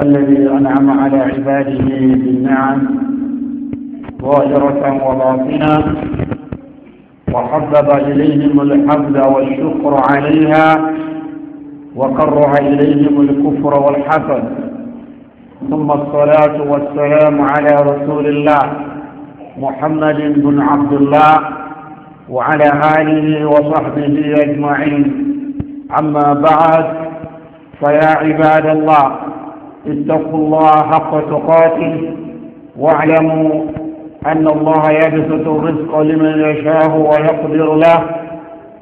الذي أنعم على عباده بالنعم ظاهرة وباطنة وحبب إليهم الحمد والشكر عليها وكره إليهم الكفر والحسد ثم الصلاة والسلام على رسول الله محمد بن عبد الله وعلى آله وصحبه أجمعين أما بعد فيا عباد الله اتقوا الله حق تقاته واعلموا أن الله يبسط الرزق لمن يشاء ويقدر له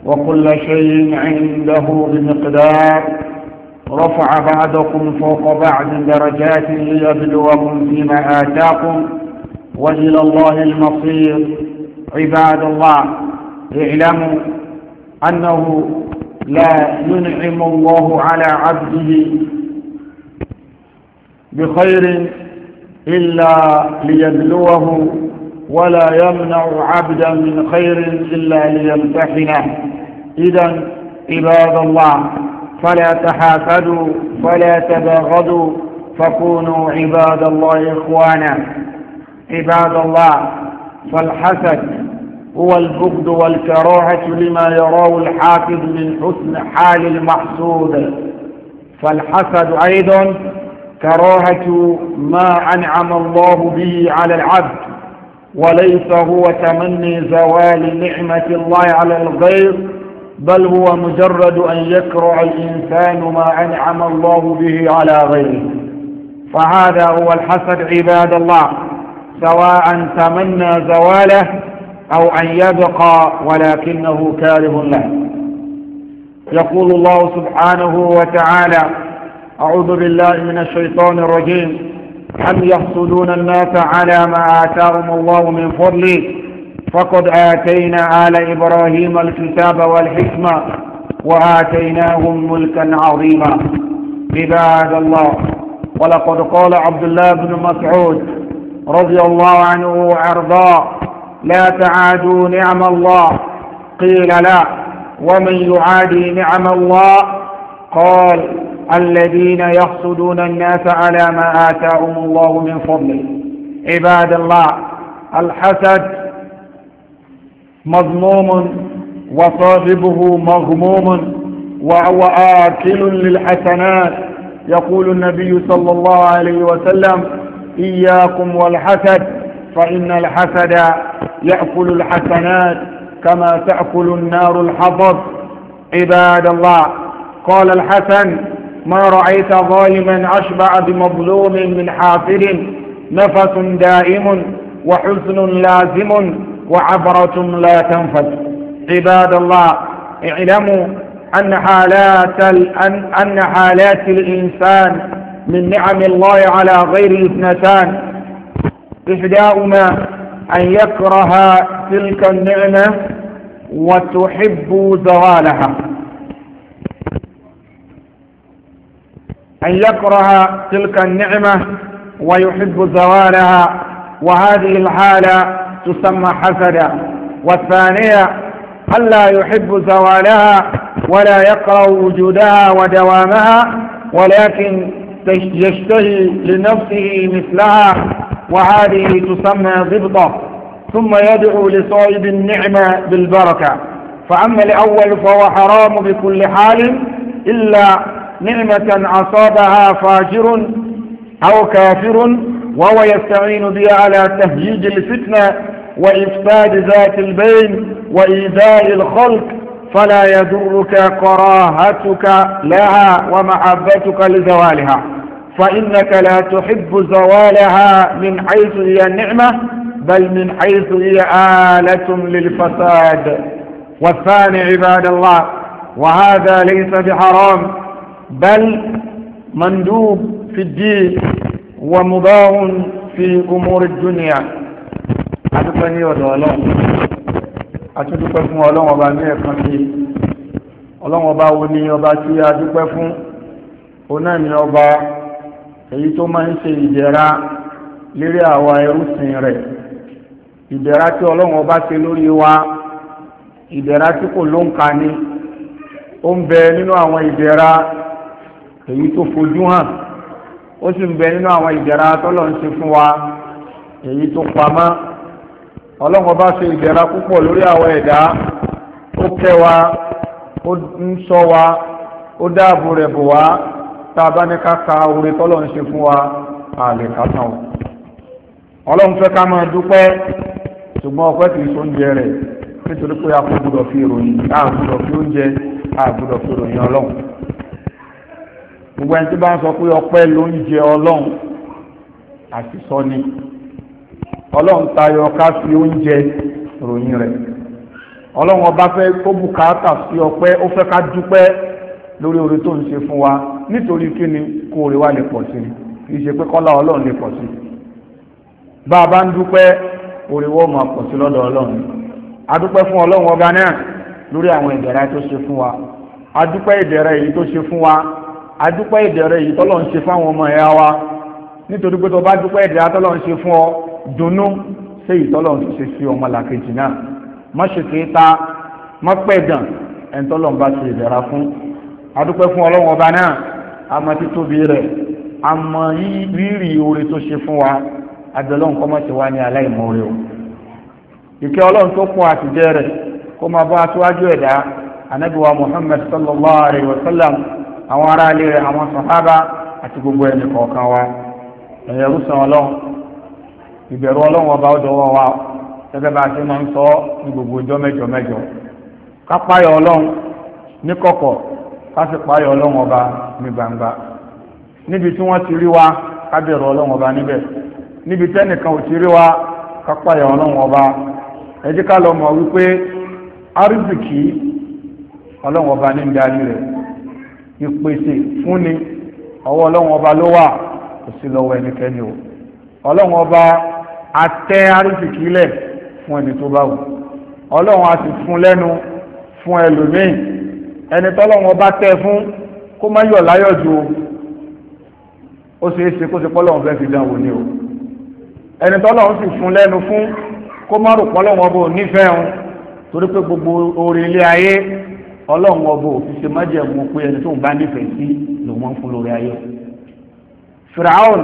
وكل شيء عنده بمقدار رفع بعضكم فوق بعض درجات ليبلوكم فيما آتاكم وإلى الله المصير عباد الله اعلموا أنه لا ينعم الله على عبده بخير إلا ليبلوه ولا يمنع عبدا من خير إلا ليمتحنه إذا عباد الله فلا تحاسدوا فلا تباغضوا فكونوا عباد الله إخوانا عباد الله فالحسد هو البغض والكراهة لما يراه الحافظ من حسن حال المحسود فالحسد أيضا كراهة ما أنعم الله به على العبد وليس هو تمني زوال نعمة الله على الغير بل هو مجرد أن يكره الإنسان ما أنعم الله به على غيره فهذا هو الحسد عباد الله سواء تمنى زواله أو أن يبقى ولكنه كاره له يقول الله سبحانه وتعالى أعوذ بالله من الشيطان الرجيم أم يحصدون الناس على ما آتاهم الله من فضله فقد آتينا آل إبراهيم الكتاب والحكمة وآتيناهم ملكا عظيما عباد الله ولقد قال عبد الله بن مسعود رضي الله عنه وارضاه لا تعادوا نعم الله قيل لا ومن يعادي نعم الله قال الذين يحسدون الناس على ما آتاهم الله من فضله عباد الله الحسد مظلوم وصاحبه مغموم وهو آكل للحسنات يقول النبي صلى الله عليه وسلم إياكم والحسد فإن الحسد يأكل الحسنات كما تأكل النار الحطب عباد الله قال الحسن ما رأيت ظالما أشبع بمظلوم من حافر نفس دائم وحزن لازم وعبرة لا تنفذ عباد الله اعلموا أن حالات, أن حالات الإنسان من نعم الله على غير اثنتان إحداؤما أن يكره تلك النعمة وتحب زوالها أن يكره تلك النعمة ويحب زوالها وهذه الحالة تسمى حسدا والثانية ألا يحب زوالها ولا يكره وجودها ودوامها ولكن يشتهي لنفسه مثلها وهذه تسمى ضبطة ثم يدعو لصاحب النعمة بالبركة فأما الأول فهو حرام بكل حال إلا نعمة أصابها فاجر أو كافر وهو يستعين بها على تهييج الفتنة وإفساد ذات البين وإيذاء الخلق فلا يدرك كراهتك لها ومحبتك لزوالها فإنك لا تحب زوالها من حيث هي النعمة بل من حيث هي آلة للفساد والثاني عباد الله وهذا ليس بحرام بل مندوب في الدين ومباع في أمور الدنيا أتفني ودولون أتدوك فún Ọlọ́run ọba ní ẹ̀kan sí Ọlọ́run ọba wo ni ọba tí a dúpẹ́ fún ọ̀nà ni ọba èyí tó máa ń ṣe ìdẹ̀ra lérí àwa ẹrúsìn rẹ̀ ìdẹ̀ra tí Ọlọ́run ọba ṣe lórí wa ìdẹ̀ra tí kò lóǹkà ni ó ń bẹ nínú àwọn ìdẹ̀ra èyí tó fojú hàn ó sì ń bẹ nínú àwọn ìdẹ̀ra tọ́lọ̀ ń ṣe fún wa èyí tó pamọ́ ọlọ́run bá ṣe ìdẹ̀ra púpọ̀ lórí àwọn ẹ̀dá ó kẹ́ wa ó ń wa ó dáàbò rẹ̀ bò wá tá a bá ní ká ka oore tọ́lọ̀ ń ṣe fún wa ká tán o ọlọ́run fẹ́ ká máa dúpẹ́ ṣùgbọ́n ọpẹ́ kì í rẹ̀ nítorí pé a kò gbúdọ̀ fi ìròyìn a gbúdọ̀ fi oúnjẹ a gbúdọ̀ fi ìròyìn ọlọ́run gbogbo ẹni tí bá ń sọ pé ọpẹ́ ló ń jẹ ọlọ́run ni ọlọ́run tayọ ká fi oúnjẹ ròyìn rẹ̀ ọlọ́run ọba fẹ́ kó bùkátà sí ọpẹ́ ó fẹ́ ká dúpẹ́ lórí oore tó ń wa nítorí kí ni kó oore wa lè pọ̀ sí i kì í ṣe pé kọ́lá ọlọ́run lè pọ̀ sí i bá a bá ń dúpẹ́ wọ́n máa pọ̀ adúpẹ́ ìdẹ̀rẹ̀ yìí tọ́lọ̀ ń ṣe fáwọn ọmọ ẹ̀yà wa nítorí pé tó bá dúpẹ́ ìdẹ̀rẹ̀ tọ́lọ̀ ń ṣe fún ọ dunnú ṣé ìtọ́lọ̀ ń ṣe sí ọmọ làkejì náà má ṣe kì í ta má pẹ́ dàn ẹni tọ́lọ̀ ń bá ṣe ìdẹ̀ra fún adúpẹ́ fún ọlọ́wọ́n ọba náà àmọ́ títóbi rẹ̀ àmọ́ rírì oore tó ṣe fún wa adọ́lọ́n kọ́ mọ́ ti wá ní aláìmoore o ìkẹ́ ọlọ́run tó kún àtijẹ́ rẹ̀ kó máa Muhammad sallallahu alayhi wa sallam àwọn ará ilé rẹ̀ àwọn sàhábà àti gbogbo ẹni kọ̀ọ̀kan wa ẹ̀yẹ̀rú ọlọ́run ìbẹ̀rù ọlọ́run ọba ọdọ̀wọ́ wa gẹ́gẹ́ bá a ti máa ń sọ ní gbogbo ọjọ́ mẹ́jọ mẹ́jọ ká ọlọ́run ní kọ̀kọ̀ ọlọ́run ọba ní gbangba níbi tí wọ́n ọba níbẹ̀ níbi tẹ́nìkan ò ti rí wa ọba ká lọ mọ̀ ọba ní rẹ̀ ìpèsè fúnni ọwọ́ ọlọ́run ọba ló wà kò sí lọ́wọ́ ẹnikẹ́ni o ọlọ́run ọba atẹ́ arúfìkì lẹ̀ fún ẹni tó bá wù ọlọ́run a sì fún lẹ́nu fún ẹlòmíì ẹni tọ́lọ́run ọba tẹ́ fún kó má yọ̀ láyọ̀ ju ó ṣe é ṣe kó ṣe pọ́lọ́run fẹ́ fi dán wò ni o ẹni tọ́lọ́run sì fún lẹ́nu fún kó má rò pọ́lọ́run ọba ò nífẹ̀ẹ́ òun torí pé gbogbo orí ilé ayé ọlọ́run ọbọ òfin ṣe májẹ̀mú pé ẹni tó ń bá nífẹ̀ẹ́ sí lòun fún lórí ayé firaun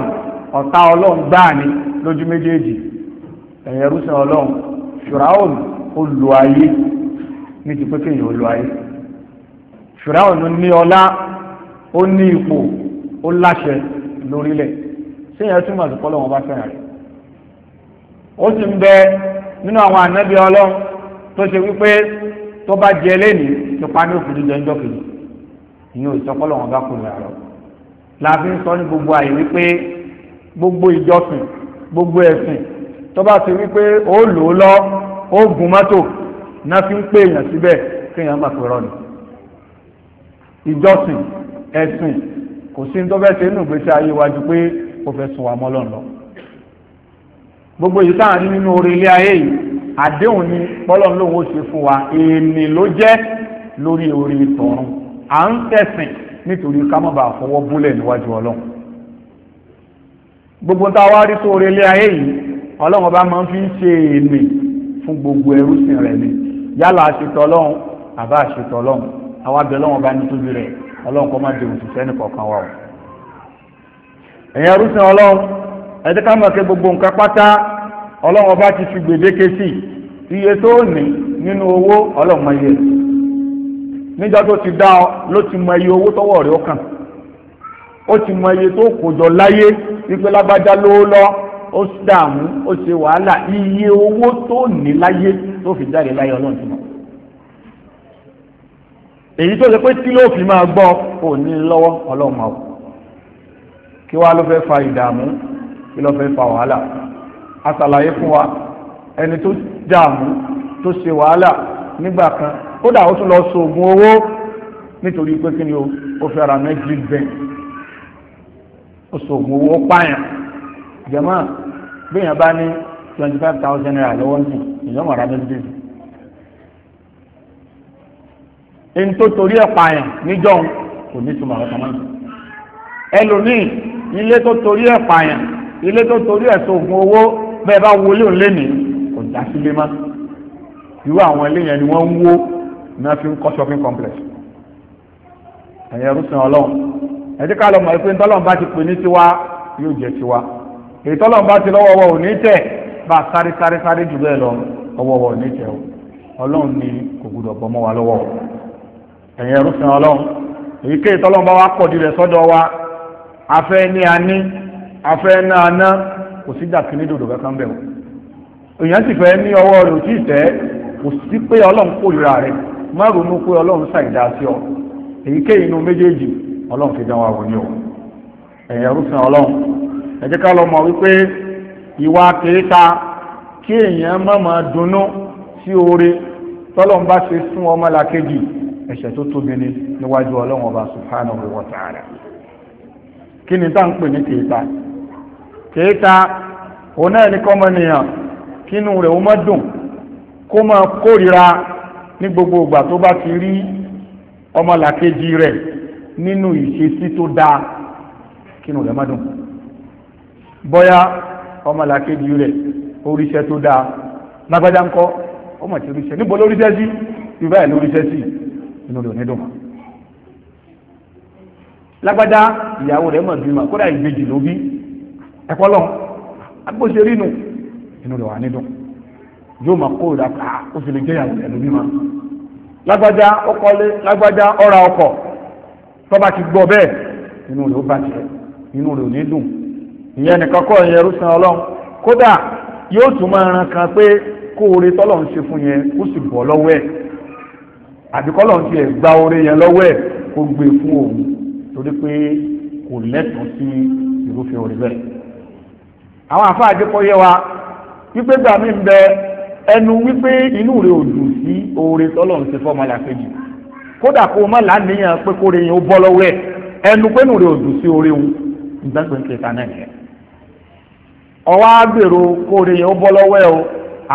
ọ̀tá ọlọ́run gbáà ni lójú méjèèjì ẹ̀yẹrúsẹ̀ ọlọ́run firaun ó lo ayé ní ti pé kéèyàn ó ayé firaun ní ọlá ó ní ipò ó láṣẹ lórílẹ̀ séèyàn túmọ̀ sí pọ́lọ́ wọn bá fẹ́ràn rẹ̀ ó sì ń bẹ nínú àwọn ànábì ọlọ́run tó ṣe wípé tó bá jẹ lẹ́nìí tó pa ní òfin jẹjọ́ kejì ìyẹn ò sọkọ́lọ̀ wọn bá kúrò àrọ láàfin sọ ní gbogbo àyè wípé gbogbo ìjọsìn gbogbo ẹ̀sìn tó bá ti wípé ó lò ó lọ ó gun mọ́tò náà fi ń pè èèyàn síbẹ̀ kéèyàn gbà pé rọ ni ìjọsìn ẹ̀sìn kò sí ní tó fẹ́ ṣe ayé wájú pé ó fẹ́ sùn wà mọ́ lọ́nà gbogbo yìí táwọn nínú orí ilé ayé yìí àdéhùn ni pọ́lọ́ lóhùn ó ṣe fún wa èèní ló jẹ́ lórí orí tọ̀run à ń tẹ̀sìn nítorí ká fọwọ́ búlẹ̀ níwájú ọlọ́run gbogbo tá a wá rí tó relé ayé yìí ọlọ́run ọba máa ń fi ṣe èèní fún gbogbo ẹrúsìn rẹ̀ ni yálà àṣetọ̀ ọlọ́run àbá àṣetọ̀ ọlọ́run àwa bẹ̀ ọlọ́run ọba nítorí rẹ̀ ọlọ́run kọ́ má dé òṣìṣẹ́ nìkọ̀ọ̀kan wa o ẹ̀yin ẹrúsìn ọlọ́run ẹ̀dẹ́ká mọ̀ kí gbogbo nǹkan pátá ọlọ́run ọba ti fi gbèdéke sí iye tó ní nínú owó ọlọ́run mọ iye níjọ́ tó ti dá ọ ló ti mọ iye owó tọ́wọ́ rẹ̀ ó ó ti mọ iye tó kò jọ láyé wípé lágbájá lówó lọ ó dààmú ó ṣe wàhálà iye owó tó ní láyé tó fi jáde láyé ọlọ́run ti mọ̀ èyí tó ṣe pé tí ló fi máa gbọ́ kò ní lọ́wọ́ ọlọ́run kí wàá ló fẹ́ fa ìdààmú kí ló fẹ́ fa wàhálà àtàlàyé fún wa ẹni tó dààmú tó ṣe wàhálà nígbà kan kódà ó tún lọ sóògùn owó nítorí pé kí ni o ó fẹ́ ra mẹ́jì bẹ́ẹ̀ ó sóògùn owó pààyàn jẹ̀mọ́ bẹ́ẹ̀yàn bá ní twenty five thousand naira lọ́wọ́ ní ìyọ́mọ̀ ra mẹ́jì bẹ́ẹ̀ ẹni tó torí ẹ̀ pààyàn níjọ́ kò ní túmọ̀ ọ̀tọ̀ mọ́ ẹlòmíì ilé tó torí ẹ̀ pààyàn ilé tó torí ẹ̀ sóògùn owó bẹ́ẹ̀ bá wọlé òun lé ní kò dá sílé má irú àwọn ilé ni wọ́n ń wó náà fi ń kọ́ shopping complex ẹ̀yẹ rúṣin ọlọ́run ẹ jẹ́ ká lọ mọ̀ pé tọ́lọ́run bá ti pè ní tiwa yóò jẹ́ tiwa èyí tọ́lọ́run bá ti lọ́wọ́ wọ òní tẹ̀ bá sáré sáré sáré jù bẹ́ẹ̀ lọ ọwọ́ wọ òní tẹ̀ o ọlọ́run ni kò gbọdọ̀ bọ́ mọ́ wa lọ́wọ́ ẹ̀yẹ rúṣin ọlọ́run èyíkéyìí tọ́lọ́run bá wa pọ̀ jù sọ́dọ̀ wa afẹ́ ní a afẹ́ náà náà kò sí jà kìíní dòdò kankan bẹ̀rù èèyàn sì fẹ́ ní ọwọ́ rẹ̀ òtí ìtẹ́ kò sí pé ọlọ́run kórìíra rẹ̀ má ronú pé ọlọ́run ṣàìdá sí ọ èyíkéyìí inú méjèèjì ọlọ́run fi dán wa wò ní ọ ẹ̀yìn ẹrúfin ọlọ́run ẹ jẹ́ ká lọ mọ̀ wípé ìwà kèéta kí èèyàn má máa dunnú sí oore tọ́lọ́run bá ṣe fún ọmọlàkejì ẹ̀ṣẹ̀ tó tóbi ní níwájú ọlọ́run ọba subhanahu wa kí ni tá ń pè ní kèéta kéèta òun náà ní kọ́mọnìyàn kínú rẹ̀ ó mọ́dùn kó mọ́ kórìíra ní gbogbo ìgbà tó bá ti rí ọmọlàkejì rẹ̀ nínú ìṣesí tó dáa kínú rẹ̀ mọ́dùn bọ́yá ọmọlàkejì rẹ̀ oríṣẹ́ tó dáa lágbájá ń kọ́ ọmọ ti oríṣẹ́ níbo lóríṣẹ́ sí ìbá ẹ̀ lóríṣẹ́ sí inú rẹ̀ ò ní ìyàwó rẹ̀ mọ̀ bímọ kódà ìbejì ló bí ẹ̀kọ́ lọ agbóṣe rí nù inú rẹ̀ wà nídùn yóò máa kó ìdá ká ó sì lè jẹ́ ìyàwó ẹ̀lú mímọ́ lágbájá ọkọlé lágbájá ọ̀ra ọkọ̀ tọ́ba ti gbọ́ bẹ́ẹ̀ inú rẹ̀ ó bàjẹ́ inú rẹ̀ ò ní dùn ìyẹn nìkan kọ́ ìyẹn rúsan ọlọ́run kódà yóò tún máa ran kan pé kó tọ́lọ̀ ń ṣe fún yẹn kó sì bọ́ lọ́wọ́ ẹ̀ àbíkọ́lọ̀ ń tiẹ̀ gba oore yẹn lọ́wọ́ ẹ̀ kó gbé e fún òun torí pé kò lẹ́tọ̀ọ́ sí irúfẹ́ orí bẹ́ẹ̀ àwọn àfáà àjẹpọ̀ yẹ wa wípé gbà mí ń bẹ ẹnu wípé inú rẹ ò dùn sí oore tọ́lọ̀ ń ṣe fọ́mọ làkejì kódà kó o má lánìyàn pé kóore yẹn ó bọ́ lọ́wọ́ ẹ̀ ẹnu pé inú rẹ ò dùn sí oore òun ìgbàgbọ́n ṣe ta náà nìyẹn ọwọ́ á gbèrò kóore yẹn ó bọ́ lọ́wọ́ ẹ̀ o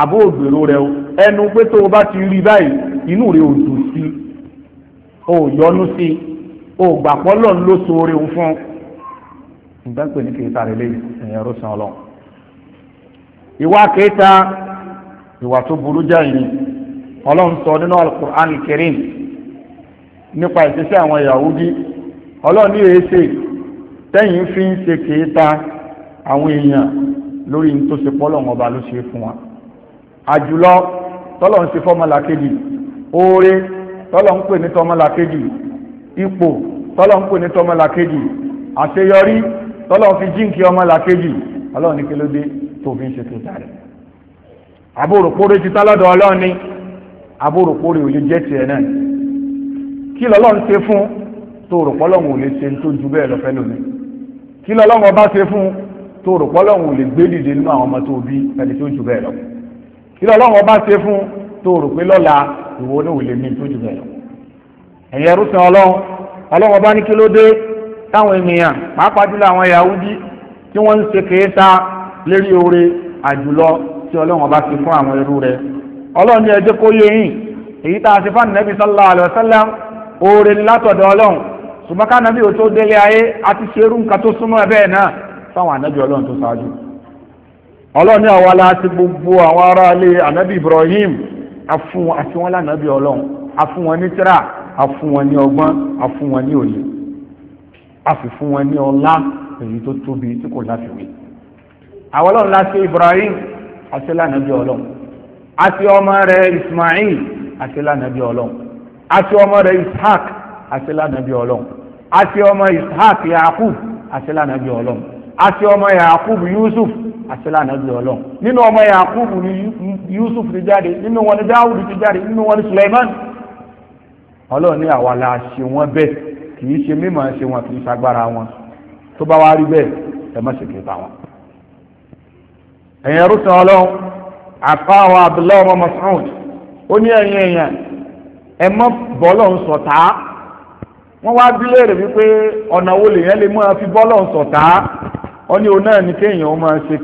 àbó ògbèrò rẹ o ẹnu pé tó o bá ti rí báyìí inú rẹ ò dùn sí o yọnu ìwà kẹta ìwà tó burú jáì ni ọlọ́run sọ nínú alukur'an nípa àwọn Yahudi ọlọ́run ní èéṣe tẹ́yìn fi ń ṣe kẹta àwọn èèyàn lórí ní tó ṣe pọ́lọ̀ ọba ló ṣe fún wa àjùlọ tọ́lọ̀ ń ṣe fọ́mọlàkejì oore tọ́lọ̀ ń pè ní tọmọlàkejì ipò tọ́lọ̀ ń pè ní tó fi ń ṣe kìtà rẹ̀ àbúròpórè ti tálọ́dọ̀ ọlọ́run ni àbúròpórè òye jẹ́ tiẹ̀ náà kí lọ́lọ́run ṣe fún tó rò pọ́lọ́run ò lè ṣe tó ju bẹ́ẹ̀ lọ́fẹ́ lómi kí lọ́lọ́run ọba ṣe fún tó rò pọ́lọ́run ò lè gbé dìde nínú àwọn ọmọ tó bí ẹni tó ju bẹ́ẹ̀ lọ kí lọ́lọ́run ọba ṣe fún tó rò pé lọ́la ìwọ ní òun lè ní tó ju bẹ́ẹ̀ lọ ẹ̀yẹ rúṣin ọlọ́run ọlọ́run ọba ní kí ló dé táwọn ènìyàn pàápàá lérí oore àjùlọ tí ọlọ́run ọba ti fún àwọn ẹrú rẹ ọlọ́run ní ẹjẹ́ kó yé yìn èyí tá a ti fún ànábì sallallahu alaihi oore ni látọ̀dọ̀ ọlọ́run ṣùgbọ́n ká nàbí ò tó délé ayé àti nǹkan tó súnmọ́ ẹ bẹ́ẹ̀ náà fáwọn ànábì ọlọ́run tó ṣáájú ọlọ́run ní àwa la ti gbogbo àwọn ará ilé ànábì Ibrahim afún àti tó tóbi tí kò àwọn ọlọ́run láti Ibrahim àti lánàbí ọlọ́run àti ọmọ rẹ̀ Ismail àti lánàbí ọlọ́run àti ọmọ rẹ̀ Ishaq àti lánàbí ọlọ́run àti ọmọ Ishaq Yakub àti lánàbí ọlọ́run àti ọmọ Yakub Yusuf àti lánàbí ọlọ́run nínú ọmọ Yakub Yusuf ti jáde nínú wọn ni Dawud ti jáde nínú wọn ni Suleiman ọlọ́run ní àwa la ṣe wọ́n bẹ́ẹ̀ kì í ṣe mímọ̀ ṣe wọn kì í ṣagbára wọn tó bá wá rí bẹ́ẹ̀ ẹ má ṣe kí n bá wọn. ẹ̀yìn rúṣin ọlọ́run àkọ́wọ́ abdullahi ọmọ Mas'ud ó ní ẹ̀yìn ẹ̀yìn ẹ̀ mọ́ bọ́ọ̀lù ń sọ̀tá wọ́n wá bílẹ̀ wípé ọ̀nà wo lèèyàn lè máa fi ń sọ̀tá ní ní kéèyàn ó máa ṣe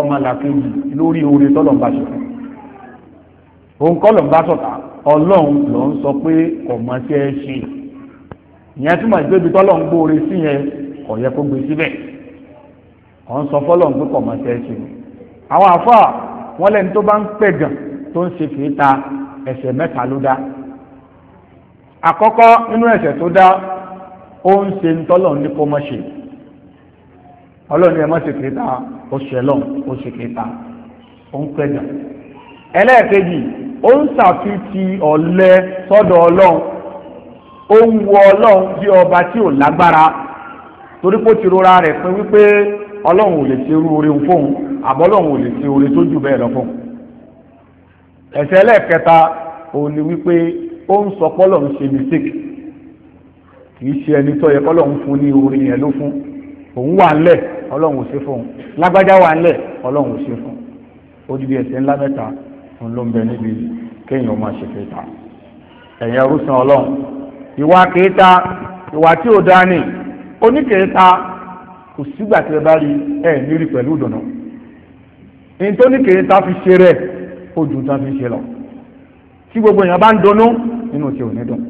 ọmọ làkejì lórí mọ ẹ ṣe ń sọ ń pé kò mọ ẹ ṣe ni àwọn àfáà wọn lẹ́ni tó bá ń pẹ̀gàn tó ń ṣe fìta ẹ̀ṣẹ̀ mẹ́ta ló dá àkọ́kọ́ nínú ẹ̀ṣẹ̀ tó dá ó ń ṣe ń tọ́lọ̀ ní kó mọ́ ṣe ọlọ́ni ẹ̀ mọ́ ṣe fìta ó ṣe lọ́n ó ṣe fìta ó ń pẹ̀gàn ẹlẹ́ẹ̀kejì ó ń ṣàfihàn ọ̀lẹ sọ́dọ̀ ọlọ́run ó ń wọ ọlọ́run bí ọba tí ò lágbára torí ti rora rẹ̀ pé wípé ọlọ́run ò lè ṣe irú oore fóun àbọ́lọ́run ò lè ṣe oore tó jù bẹ́ẹ̀ lọ fóun ẹ̀ṣẹ̀ ẹlẹ́ẹ̀kẹta òun ni wípé ó ń sọ pọ́lọ̀ ń ṣe mistake kì í ṣe ẹni tó yẹ kọ́lọ̀ ń fún ní oore yẹn ló fún òun wà ńlẹ̀ ọlọ́run ò ṣe fóun lágbájá wà ńlẹ̀ ọlọ́run ò ṣe fún odidi ẹ̀ṣẹ̀ ńlá mẹ́ta òun ló ń bẹ níbi kéèyàn máa ṣèfẹ́ ta ẹ̀yẹ rúṣan ọlọ́run ìwà kèéta ìwà tí ò dání oníkèéta kò sígbà tí ẹ bá rí ẹ nírí pẹ̀lú ìdùnnú nítorí kèrè tá fi ṣe rẹ̀ ó ju tá fi ṣe lọ tí gbogbo èèyàn bá ń dunnú nínú tí ò ní dùn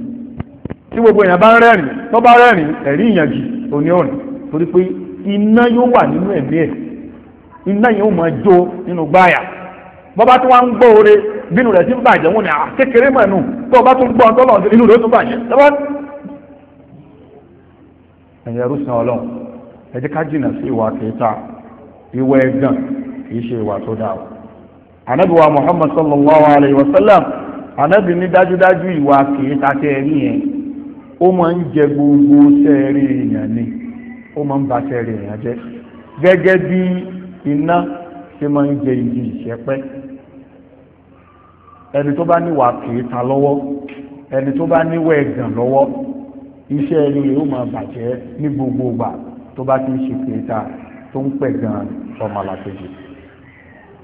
tí gbogbo èèyàn bá ń rẹ́rìn tó bá rẹ́rìn ẹ̀rí ìyànjú òní òrìn torí pé iná yóò wà nínú ẹ̀mí ẹ̀ iná yóò máa jó nínú gbáyà bọ́bá tó wá ń gbọ́ oore bínú rẹ̀ ti ń bàjẹ́ wọn ni à kékeré mọ̀ nù tó bá tún gbọ́ ọ̀tọ́ lọ́ọ̀dún inú rẹ̀ tún bàjẹ́ ẹ̀yẹ rúṣan ọlọ́run ẹ jẹ́ ká jìnà sí ìwà kẹta ìwà ẹ̀gàn kìí ṣe ìwà tó dáa muhammad sallallahu alayhi wa sallam ànábì ní dájúdájú ìwà kẹta tẹ ẹ yẹn ó gbogbo sẹ́ẹ̀rì èèyàn ni ó máa ń ba sẹ́ẹ̀rì èèyàn jẹ gẹ́gẹ́ bí iná ṣe máa ń jẹ igi ìṣẹ́pẹ́ ẹni tó bá níwà kẹta lọ́wọ́ ẹni tó bá níwà ẹ̀gàn lọ́wọ́ iṣẹ́ ẹni ó máa bàjẹ́ ní gbogbo tó bá ti ń ṣe kìíta tó ń pẹ̀ gan ọmọ làkejì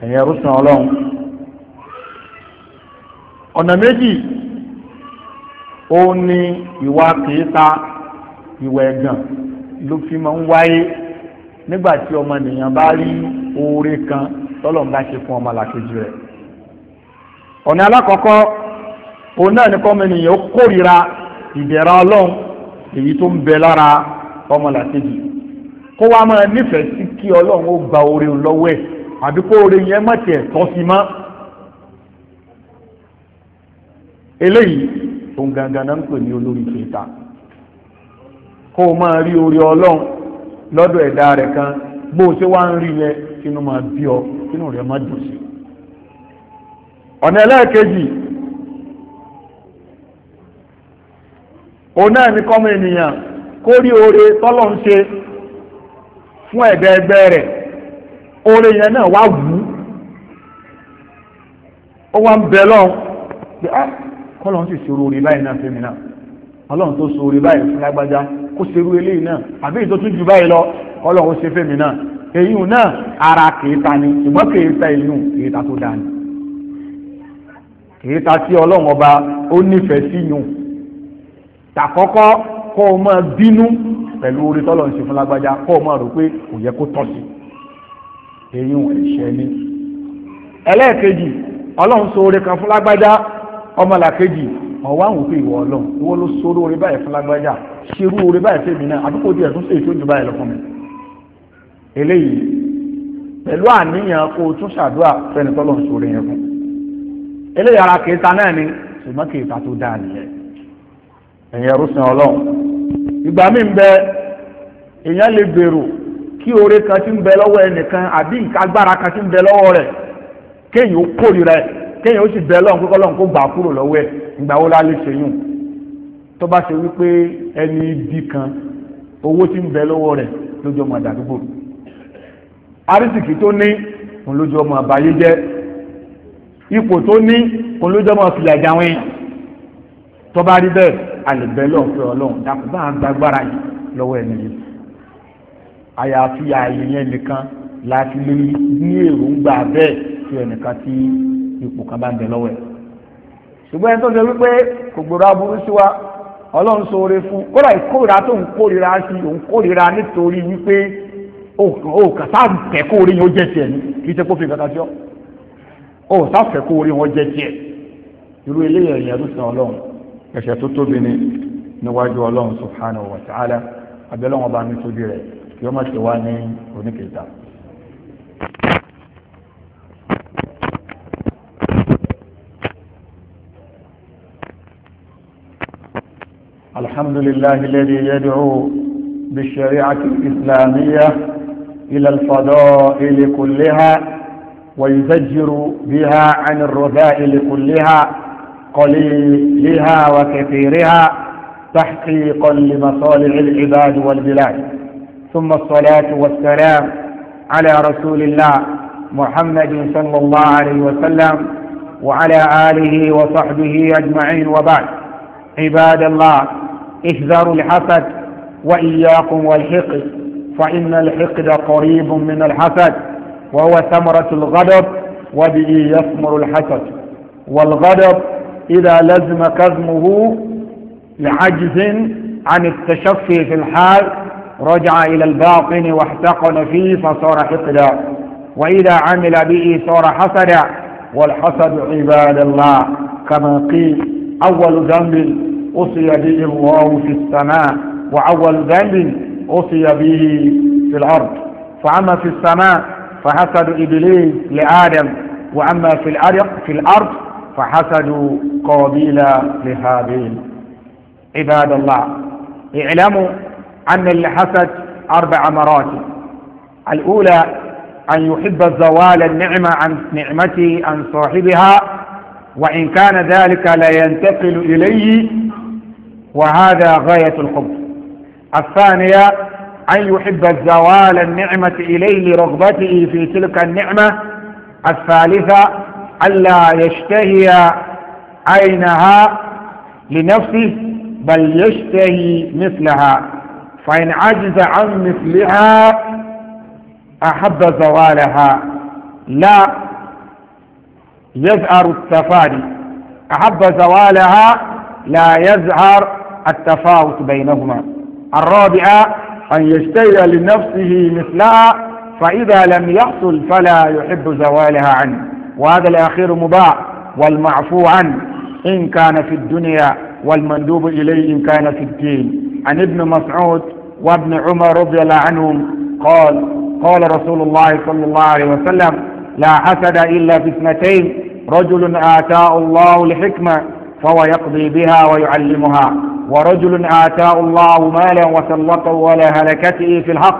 ẹ̀yẹ rúṣan ọlọ́run ọ̀nà méjì ó ní ìwà kìíta ìwà ẹ̀gàn ló fi máa ń wáyé nígbà tí ọmọ nìyàn bá rí oore kan tọ́lọ̀ ń bá ṣe fún ọmọ làkejì rẹ̀ ọ̀nà alákọ̀ọ́kọ́ òun náà ní kọ́mọ ènìyàn ó kórìíra ìdẹ̀ra ọlọ́run èyí tó ń bẹ lára ọmọ làkejì kó wa máa nífẹ̀ẹ́ sí kí ọlọ́run ó gba oore lọ́wọ́ ẹ̀ àbí kó oore yẹn má tọ́ sí eléyìí òun gangan náà ń pè ní olórí kẹta kó o máa rí oore ọlọ́run lọ́dọ̀ ẹ̀dá rẹ̀ kan bó o ṣe wá ń rí yẹn kínú máa bí ọ kínú rẹ̀ má dùn sí ọ̀nà ẹlẹ́ẹ̀kejì òun náà ní kọ́mọ ènìyàn kó fún ẹ̀dẹ̀ ẹgbẹ́ rẹ̀ oore yẹn náà wá wù ó wá ń bẹ lọ́n pé ah, sì ṣòro orí báyìí náà fẹ́mi náà ọlọ́run tó ṣòro orí báyìí fún lágbájá kó ṣerú eléyìí náà àbí jù lọ ó ṣe fẹ́mi náà èyí náà ara kèéta ni ṣùgbọ́n kèéta ìlú kèéta tó dáa ni kèéta tí ọlọ́run ọba ó nífẹ̀ẹ́ sí yùn tàkọ́kọ́ kó o pẹ̀lú orí tọ́lọ̀ ń ṣe fún kọ́ rò pé kò yẹ kó tọ́ sí ìṣẹ́ ní. ẹlẹ́ẹ̀kejì ọlọ́run so oore kan fún lágbájá ọmọlàkejì ọ̀wá àwọn ìwọ̀ ọlọ́run ìwọ ló sóró orí báyìí fún lágbájá ṣerú oore báyìí fèmí náà àdúgbò díẹ̀ so yẹn fún. eléyìí ara náà ni ìgbà mí ń bẹ èèyàn lè gbèrò kí oore kan ti ń bẹ lọ́wọ́ ẹnìkan àbí nǹkan agbára kan ti ń bẹ lọ́wọ́ rẹ̀ kéèyàn ó kórìíra ẹ̀ kéèyàn ó sì bẹ lọ́hùn kókó lọ́hùn kó gbà kúrò lọ́wọ́ ẹ̀ ìgbà wo la lè ṣèyún tó bá ṣe wípé ẹni ibi kan owó ti ń bẹ lọ́wọ́ rẹ̀ lójú ọmọ àdàdúgbò arísìkì tó ní òun lójú ọmọ àbáyé jẹ́ ipò tó ní òun lójú ọmọ fìyàjà wọn tó bá rí bẹ́ẹ̀ àlùbẹ́lọ̀ fẹ́ ọlọ́run dàpọ̀ bá ń gbàgbára yìí lọ́wọ́ ẹni yìí àyàfi ààyè yẹn nìkan láti lè ní èròǹgbà bẹ́ẹ̀ tí ẹnìkan tí ipò kan bá ń bẹ lọ́wọ́ ẹ̀ ṣùgbọ́n ẹni tó ṣe wípé kò gbòòrò aburú sí wa ọlọ́run ṣoore fún kódà ìkórira tó ń kórira sí òun kórira nítorí wípé ó kà sáà fẹ́ kóore yẹn ó jẹ́ tiẹ̀ ní kí ṣe kó fi kankan jọ ó sáà fẹ́ kóore yẹn ó jẹ́ tiẹ̀ irú eléyìí ẹ̀yìn ẹ̀rú sàn ọlọ́run kẹsẹ̀ tó tóbi ni níwájú ọlọ́run subhanahu wa ta'ala abẹ́lọ́wọ́n bá ní tóbi rẹ̀ kí ó má ṣe wá ní oníkèta الحمد لله الذي يدعو بالشريعة الإسلامية إلى الفضائل كلها ويزجر بها عن الرذائل كلها قليلها وكثيرها تحقيقا لمصالح العباد والبلاد ثم الصلاة والسلام على رسول الله محمد صلى الله عليه وسلم وعلى آله وصحبه أجمعين وبعد عباد الله احذروا الحسد وإياكم والحقد فإن الحقد قريب من الحسد وهو ثمرة الغضب وبه يثمر الحسد والغضب إذا لزم كظمه لعجز عن التشفي في الحال رجع إلى الباطن واحتقن فيه فصار حقدا وإذا عمل به صار حسدا والحسد عباد الله كما قيل أول ذنب أصي به الله في السماء وأول ذنب أصي به في الأرض فأما في السماء فحسد إبليس لآدم وأما في الأرض, في الأرض فحسدوا قابيل لهابيل عباد الله اعلموا أن الحسد أربع مراتب الأولى أن يحب الزوال النعمة عن نعمته عن صاحبها وإن كان ذلك لا ينتقل إليه وهذا غاية الحب الثانية أن يحب الزوال النعمة إليه لرغبته في تلك النعمة الثالثة ألا يشتهي عينها لنفسه بل يشتهي مثلها فإن عجز عن مثلها أحب زوالها لا يزهر التفادي أحب زوالها لا يزهر التفاوت بينهما الرابعة أن يشتهي لنفسه مثلها فإذا لم يحصل فلا يحب زوالها عنه وهذا الأخير مباح والمعفو عنه إن كان في الدنيا والمندوب إليه إن كان في الدين عن ابن مسعود وابن عمر رضي الله عنهم قال قال رسول الله صلى الله عليه وسلم لا حسد إلا في اثنتين رجل آتاه الله الحكمة فهو يقضي بها ويعلمها ورجل آتاه الله مالا وسلطه ولا هلكته في الحق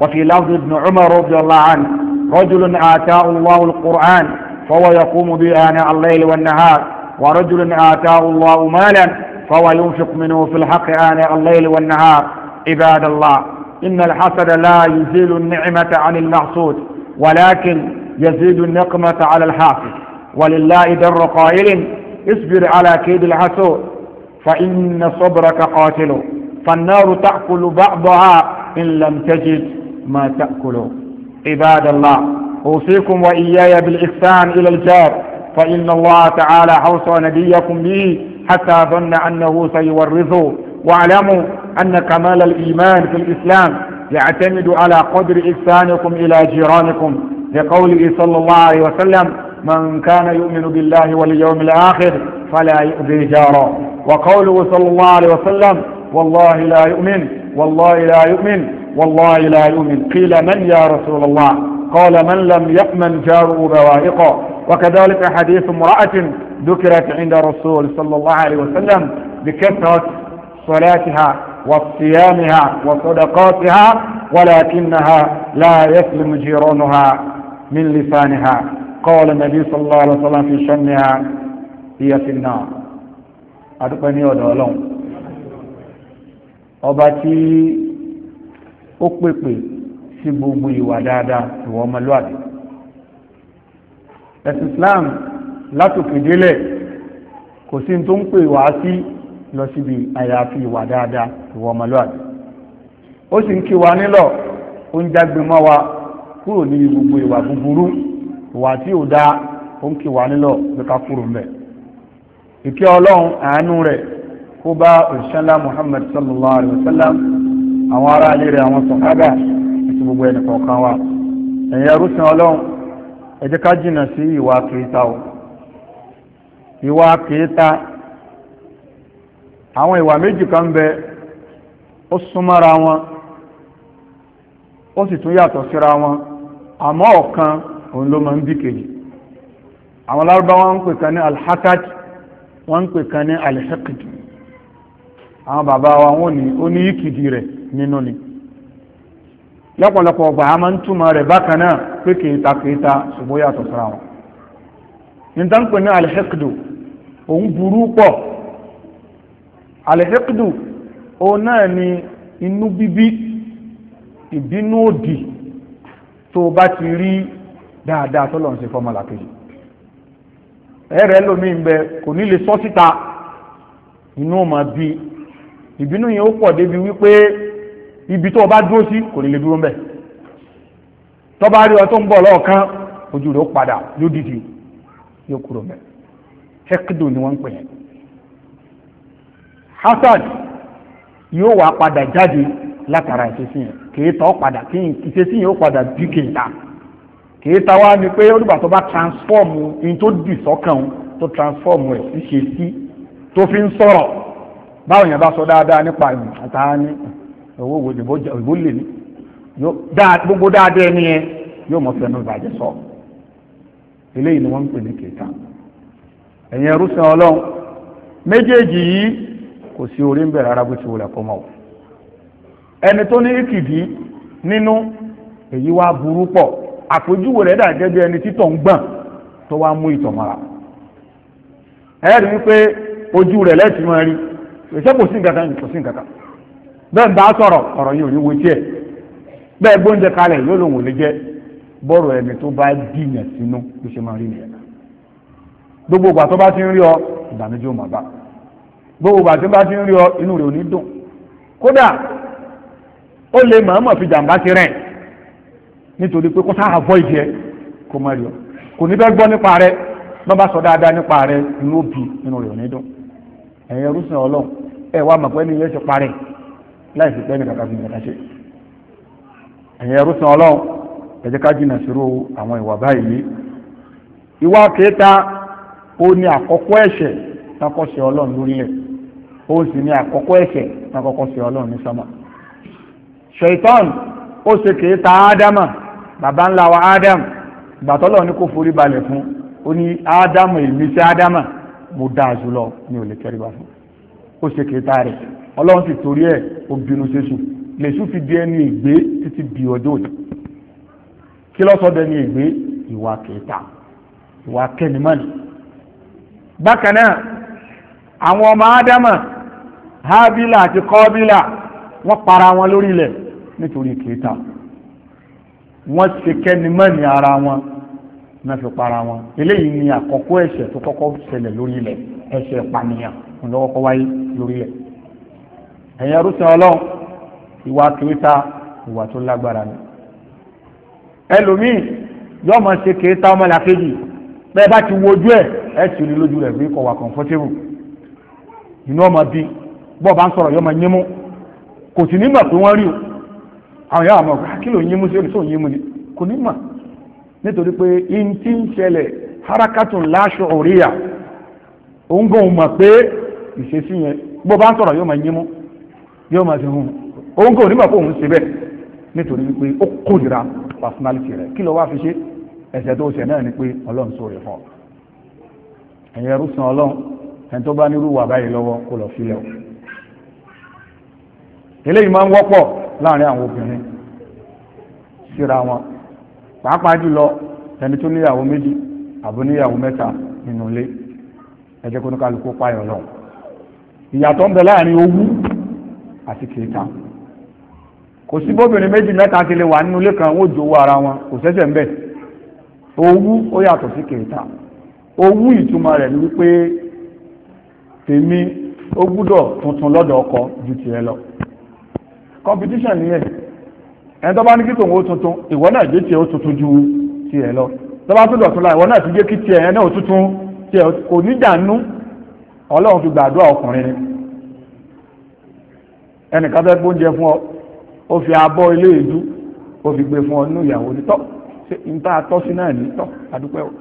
وفي لفظ ابن عمر رضي الله عنه رجل آتاه الله القرآن فهو يقوم به آناء الليل والنهار ورجل آتاه الله مالا فهو ينفق منه في الحق آناء الليل والنهار عباد الله إن الحسد لا يزيل النعمة عن المحسود ولكن يزيد النقمة على الحاسد ولله در قائل اصبر على كيد الحسود فإن صبرك قاتل فالنار تأكل بعضها إن لم تجد ما تأكله عباد الله أوصيكم وإياي بالإحسان إلى الجار فإن الله تعالى أوصى نبيكم به حتى ظن أنه سيورثه واعلموا أن كمال الإيمان في الإسلام يعتمد على قدر إحسانكم إلى جيرانكم لقوله صلى الله عليه وسلم من كان يؤمن بالله واليوم الآخر فلا يؤذي جاره وقوله صلى الله عليه وسلم والله لا يؤمن والله لا يؤمن والله لا يؤمن قيل من يا رسول الله قال من لم يأمن جاره بوائقا وكذلك حديث امرأة ذكرت عند رسول صلى الله عليه وسلم بكثرة صلاتها وصيامها وصدقاتها ولكنها لا يسلم جيرانها من لسانها قال النبي صلى الله عليه وسلم في شنها هي في النار أتقني ودولون ọba أقبقي sí gbogbo ìwà dáadáa ìwà ọmọlúwàbí ẹ̀sìn Islam látòkè délẹ̀ kò sí tó ń pè wá sí lọ síbi àyàfi ìwà dáadáa ìwà ọmọlúwàbí ó sì ń kí wa nílọ̀ ó ń jágbe mọ́ wa kúrò níbi gbogbo ìwà búburú ìwà tí ò dáa ó ń kí wa nílọ̀ pé ká kúrò ń ìkẹ́ ọlọ́run àánú rẹ̀ kó bá òṣìṣẹ́lá Muhammad sallallahu alayhi wa sallam àwọn ará ilé rẹ̀ àwọn sọ̀hábà àti gbogbo ẹnì kọ̀ọ̀kan wa ẹ̀yin ẹrúsìn ọlọ́run ká o ìwà kìíta àwọn ìwà méjì kan bẹ ó súnmọ́ra wọn ó sì tún yàtọ̀ síra wọn àmọ́ ọ̀kan òun ló máa ń bí kejì àwọn kan ní alhakad wọ́n ń pè kan ní alhaqid àwọn bàbá wa wọ́n ní ní ìkìdí lọ́pọ̀lọpọ̀ ọgbà a máa ń túmọ̀ rẹ̀ bákan náà pé kìíta kìíta ṣùgbọ́n yàtọ̀ síra wọn nǹkan pè ní alhekdu òun burú pọ̀ alhekdu òun náà ni inú bíbí ìbínú òdì tó bá ti rí dáadáa tọ́lọ̀ ń ṣe fọ́mọlà kejì ẹ̀rẹ̀ lómi ń bẹ kò ní lè sọ síta inú ọmọ bí ìbínú yẹn ó pọ̀ débi wípé ibi tó bá dúró sí kò ní lè dúró ń bẹ̀ tó bá rí ọ bọ̀ lọ́ọ̀kan ojú rẹ̀ padà lódìdí yóò kúrò mẹ́ hekdo ni wọ́n ń pè é hasad yóò wá padà jáde látara ìṣesí yẹn kìí tọ́ padà kí ìṣesí yẹn ó padà bí kìíta kìíta wá ni pé olùgbà tó bá transform in tó dì sọ́kàn tó transform ẹ̀ ṣíṣe sí tó fi ń sọ̀rọ̀ báwọn yẹn bá sọ dáadáa nípa ìmọ̀ àtàání owó wo ìbò jẹ ìbò lè ní gbogbo dáadé ẹni yẹn yóò mọ fẹnu ìbàjẹ́ sọ eléyìí ni wọ́n ń pè ní kẹta ẹ̀yin ẹrúsìn ọlọ́run méjèèjì yìí kò sí orí ń bẹ rárá bó ti wulẹ̀ kọ́ mọ́ o ẹni tó ní ìkìdí nínú èyí wá burú pọ̀ àpèjúwe rẹ̀ dà gẹ́gẹ́ ẹni títọ̀ ń gbọ̀n tó wá mú ìtọ̀ mọ́ra ẹ̀rí wípé ojú rẹ̀ lẹ́ẹ̀tì máa rí ìṣẹ́ kò sí nǹkan kan kò sí nǹkan kan bẹ́ẹ̀ bá sọ̀rọ̀ ọ̀rọ̀ yìí ò ní tiẹ̀ bẹ́ẹ̀ gbóúnjẹ kalẹ̀ yóò lòun ò lè jẹ́ bọ́ọ̀rọ̀ ẹni tó bá dìyàn sínú ṣe máa rí nìyẹn gbogbo ìgbà tó bá ti ń rí ọ ìbànújẹ ò máa bá gbogbo ìgbà ti ń rí ọ inú ní dùn kódà ó lè fi jàǹbá rẹ̀ ọ kò ní fẹ́ pé ẹni yẹn ti láì fi pẹ́ẹ́nì kàkà fi ṣe ẹ̀yìn ẹrú san ọlọ́run ká jìnà sírò àwọn ìwà báyìí ìwà kẹta ó ní àkọ́kọ́ ẹ̀ṣẹ̀ takọ́ṣẹ̀ ọlọ́run lórílẹ̀ ó sì ní àkọ́kọ́ ẹ̀ṣẹ̀ takọ́ṣẹ̀ ọlọ́run ní sọ́mà ṣèitán ó ṣe kẹta ádámà bàbá ńlá wa ní forí balẹ̀ fún ó ní ìmísí ádámà mo ọlọ́run sì torí ẹ̀ ó bínú séṣù lèṣù fi di ẹni ègbé títí di ọjọ́ òní kí lọ́sọ̀dọ̀ ẹni ègbé ìwà kẹta ìwà kẹnìmọ́nì bákan náà àwọn ọmọ ádámà hábílà àti kọ́bílà wọ́n para wọn lórí ilẹ̀ nítorí kẹta wọ́n ṣe kẹnìmọ́nì ara wọn náà fi para wọn eléyìí ni àkọ́kọ́ ẹ̀ṣẹ̀ tó kọ́kọ́ ṣẹlẹ̀ lórí ilẹ̀ ẹ̀ṣẹ̀ ìpànìyàn ńlọ́wọ́kọ́ wáyé lórí ilẹ̀ ẹ̀yin arúsìn ọlọ́run ìwà kìíta ìwà tó lágbára ni ẹlòmíì yóò máa ṣe kìíta ọmọ làkejì bẹ́ẹ̀ bá ti wojú ẹ̀ ẹ̀ sì rí lójú rẹ̀ bí kò wà comfortable inú ọmọ bí bọ́ọ̀ bá ń sọ̀rọ̀ yóò máa yín mú kò sì nígbà pé wọ́n rí o àwọn yàrá àmọ́ ah, kí ló yín mú sí ẹni tó yín mú ni kò ní mà nítorí pé in ti ń ṣẹlẹ̀ harakatun láṣọ òríyà òun pé ìṣesí yẹn bó bá ń sọ̀rọ̀ yóò máa yín mú yóò máa ṣe hun òun kò nígbà fóun ṣe bẹ́ẹ̀ nítorí wípé ó kórìíra personality rẹ̀ kí ló wá fi ṣe ẹ̀ṣẹ̀ tó ṣẹ̀ náà ni pé ọlọ́run sóre fún ọ ẹ̀yẹ rúsan ọlọ́run ẹni tó bá nírú wà báyìí lọ́wọ́ kó lọ fílẹ̀ o eléyìí máa ń wọ́pọ̀ láàrin àwọn obìnrin síra wọn pàápàá jùlọ ẹni tó níyàwó méjì àbó níyàwó mẹ́ta nínú ilé ẹ jẹ́ kó ní ìyàtọ̀ ń bẹ láàrin owú àti kìíta kò sí bóbìnrin méjì mẹ́ta ti lè wà nínú ilé kan wọ́n jòwó ara wọn kò sẹ́sẹ̀ ń bẹ̀ owú ó yàtọ̀ sí kìíta owú ìtumọ̀ rẹ̀ ni wípé tèmi ó gbúdọ̀ tuntun lọ́dọ̀ ọkọ ju tiẹ̀ lọ competition nìyẹn ẹni tó bá ní kí tòun ó tuntun ìwọ náà jẹ́ tiẹ̀ ó tuntun ju tiẹ̀ lọ tó bá tún dọ̀tún láì ìwọ náà ti jẹ́ kí tiẹ̀ ẹ̀ náà ó tuntun tiẹ̀ kò ní dànù ọlọ́run fi gbàdúrà ọkùnrin ni ẹnìkan fẹ́ gbóúnjẹ fún ọ ó fi abọ́ ilé ìjú ó fi gbé fún ọ nínú ìyàwó nítọ́ níta tọ́sí náà nítọ́ adúpẹ́ o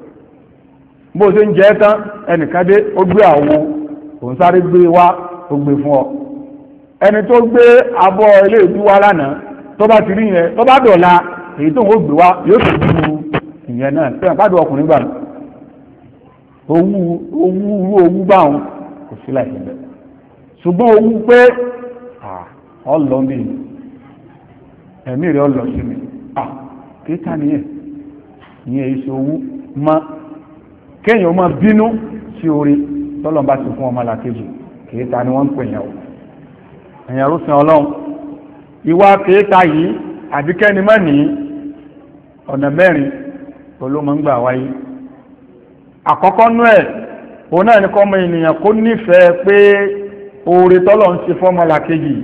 bó ṣe ń jẹ́ tán ẹnìkan dé ó gbé àwo òun sáré gbé wá ó gbé fún ọ ẹni tó gbé abọ́ ilé ìjú wá lánàá tó bá ti rí yẹn tó bá dọ̀la èyí tó ń gbé wá yóò sì ju ìyẹn náà tẹ́wọ̀n gbádùn ọkùnrin gbà owó owó owó báwọn kò sí láì ṣùgbọ́n owó pé ọlọ́ mi ẹ̀mí rẹ̀ ọlọ́ sí mi ah kéta nìyẹn ìyẹn èso owó ma kéèyàn máa bínú sí orí tọ́lọ́mbà ti fún ọmọ làkejì kéta ni wọ́n ń pè yàn o ẹ̀yàn rúfin ọlọ́run ìwà kéta yìí àbíkẹ́ni mọ́ nìyí ọ̀nà mẹ́rin olómọ ń gbà wáyé àkọ́kọ́ nú ẹ̀ òun náà ní kọ́mọ ènìyàn kó nífẹ̀ẹ́ pé oore tọ́lọ̀ ń ṣe fọ́mọlàkejì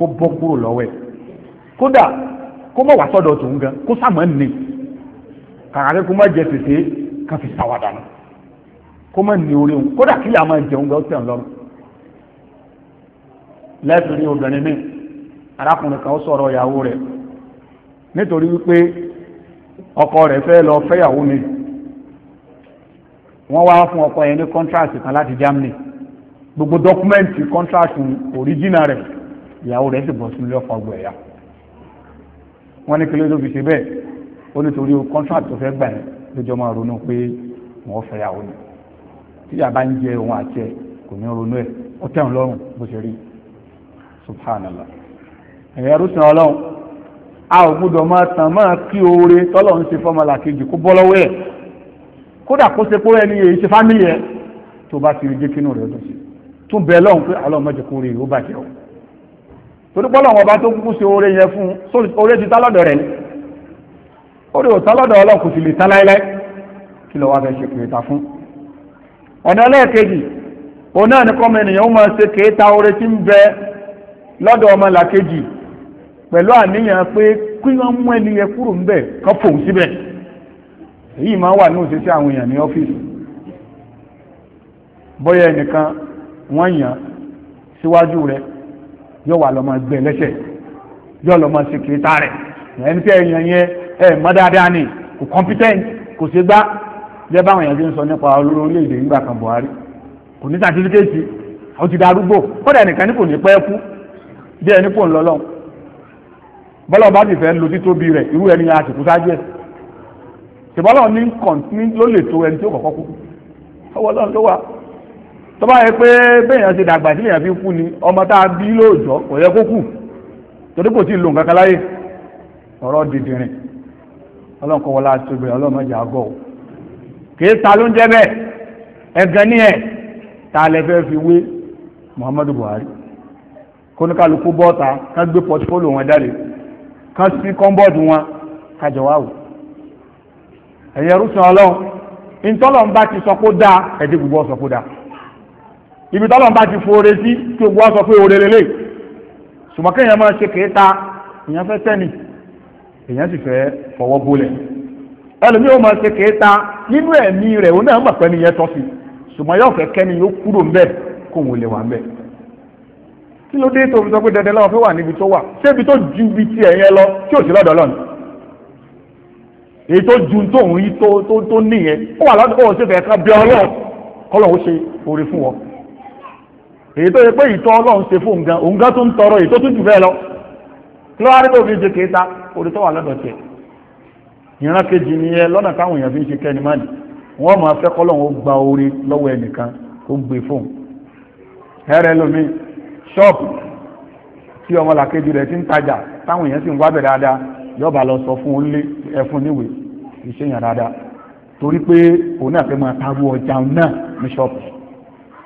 kó bọ́ kúrò lọ́wọ́ ẹ̀ kódà kó mọ̀ wá sọ́dọ̀ tòun gan kó sàmọ́ ní kàkàkẹ́ kó má jẹ sèse kan fi sàwádà nù kó má ní orí òun kódà kílẹ̀ àmọ́ jẹun gan ó tẹ̀ ń lọ́rùn lẹ́sìn ní obìnrin mi arákùnrin kan ó sọ̀rọ̀ ìyàwó rẹ̀ nítorí wípé ọkọ rẹ̀ fẹ́ lọ fẹ́yàwó mi wọ́n wá fún ọkọ yẹn ní contract kan láti Germany gbogbo dọ́kúmẹ́ǹtì contract original rẹ̀ ìyàwó rẹ̀ sì bọ̀ sí ilé ọ̀fọ̀ ọgbọ̀ ẹ̀yà wọ́n ní kílódé fi ṣe bẹ́ẹ̀ ó nítorí contract tó fẹ́ gbà yẹn lójọ́ máa ronú pé wọ́n fẹ́ yàwó ni tíyà bá ń jẹ òun àti ẹ̀ kò ní ronú ẹ̀ ó tẹ̀wọ̀n lọ́rùn bó ṣe rí subhanallah ẹ̀yẹ rúṣin ọlọ́run a ò gbúdọ̀ máa tàn máa kí oore tọ́lọ̀ ń ṣe fọ́mọlà kejì kó bọ́ lọ́wọ́ ẹ̀ kódà kó ṣe kó ẹni èyí ṣe fámìlì ẹ̀ tó bá ti rí jẹ́ rẹ̀ dùn sí tún bẹ́ẹ̀ lọ́hùn pé ọlọ́run mọ̀jẹ̀ kó rí ìró bàjẹ́ o torí pọ́lọ̀ wọn bá tó kúkú sí oore yẹn fún oore ti tálọ́dọ̀ rẹ̀ ni oore ò ta ọlọ́kù sì lè táláíláí kí lọ wá fẹ́ ṣe kèéta fún ọ̀nà ẹlẹ́ẹ̀kejì òun náà ènìyàn ó ṣe kèéta oore tí ń bẹ lọ́dọ̀ ọmọ làkejì pẹ̀lú àníyàn pé kí wọ́n mú ẹni yẹn kúrò ń bẹ̀ kán fòun síbẹ̀ èyí máa wà ní òṣìṣẹ́ àwọn èèyàn ní ọ́fíìsì yóò wà lọ́mọ gbẹ e lẹ́sẹ̀ yóò lọ́mọ sèkìrìtà rẹ̀ ẹni tẹ́ ẹ̀yàn yẹn ẹ̀ mọ́ dáadáa ni kò competent kò ṣe gbá jẹ́ báwọn èèyàn ti ń sọ nípa olóró orílẹ̀-èdè nígbà kan Buhari kò ní sàtífíkẹ́ẹ̀tì ó ti darúgbó kódà ẹnìkan ní kò ní pẹ́ kú bí ẹni kò ń lọ lọ́hùn bọ́lá bá ti fẹ́ lo títóbi rẹ̀ irú ẹni yẹn àsìkò sáájú ẹ̀ ṣùgbọ́n lọ́hùn ní ló lè tó ẹni tí ó kọ̀kọ́ kú ọwọ́ lọ́hùn ló wà tó bá yẹ pé béèyàn ti dàgbà tí èèyàn kú ni ọmọ tá a bí lóòjọ́ kò yẹ kó kù torí kò tí ì lo nǹkan kan láyé ọ̀rọ̀ dìdìrìn ọlọ́run kọ́ wọlá tó bẹ̀rẹ̀ ọlọ́run mọ̀jà kìí ta ló ń jẹ́ bẹ́ẹ̀ ẹ̀gàn ní ẹ̀ ta lẹ fẹ́ fi wé Muhammadu Buhari kóníkàlùkù bọ́ọ̀ta ká gbé pọtifólò wọn jáde ká sí kọ́ńbọ́ọ̀dù wọn kájọ wá wò ẹ̀yẹ rúṣan ọlọ́run ìtọ́lọ̀ ń bá ti sọ kó dáa ẹ̀dí gbogbo sọ kó dáa ibi tọ́lọ̀ bá ti fo ore sí tí ògbó sọ pé ore lélẹ̀ ṣùgbọ́n èèyàn máa ṣe kéta èèyàn fẹ́ tẹ́nì èèyàn sì fẹ́ fọwọ́ bolẹ̀ ẹlòmí ó máa ṣe kéta nínú ẹ̀mí rẹ̀ ó náà mọ̀ pé nìyẹn tọ́ sí ṣùgbọ́n yóò fẹ́ kẹ́ni yóò kúrò ńbẹ̀ kó wọn lè wà ńbẹ̀ kí ló dé tó fi sọ pé dandan láwọn fẹ́ wà níbi tó wà sébi tó ju ibi tí ẹ̀yẹn lọ tí ò sí lọ́dọ̀ lọ́nà èyí tó ju tóun yí tó nìyẹn ó wà lọ́dọ̀ ó sì fẹ́ ká bí ọlọ́ọ̀ kọ́lọ̀ ó ṣe oore fún wọn èyí tó yẹ pé ìtọ́ ọlọ́run ṣe fún nǹkan òun gan tó ń tọrọ èyí tó tún jù bẹ́ẹ̀ lọ kí ló wá ṣe kéta orí lọ́dọ̀ tiẹ̀ ìran kejì ni ẹ lọ́nà táwọn èèyàn fi ń ṣe kẹ́ni máàlì wọ́n máa fẹ́ kọ́lọ́run ó gba orí lọ́wọ́ ẹnìkan ó gbé fóun ẹ̀rẹ́ lómi ṣọ́ọ̀pù tí ọmọ làkejì rẹ̀ ti ń tajà táwọn èèyàn sì ń wábẹ̀ dáadáa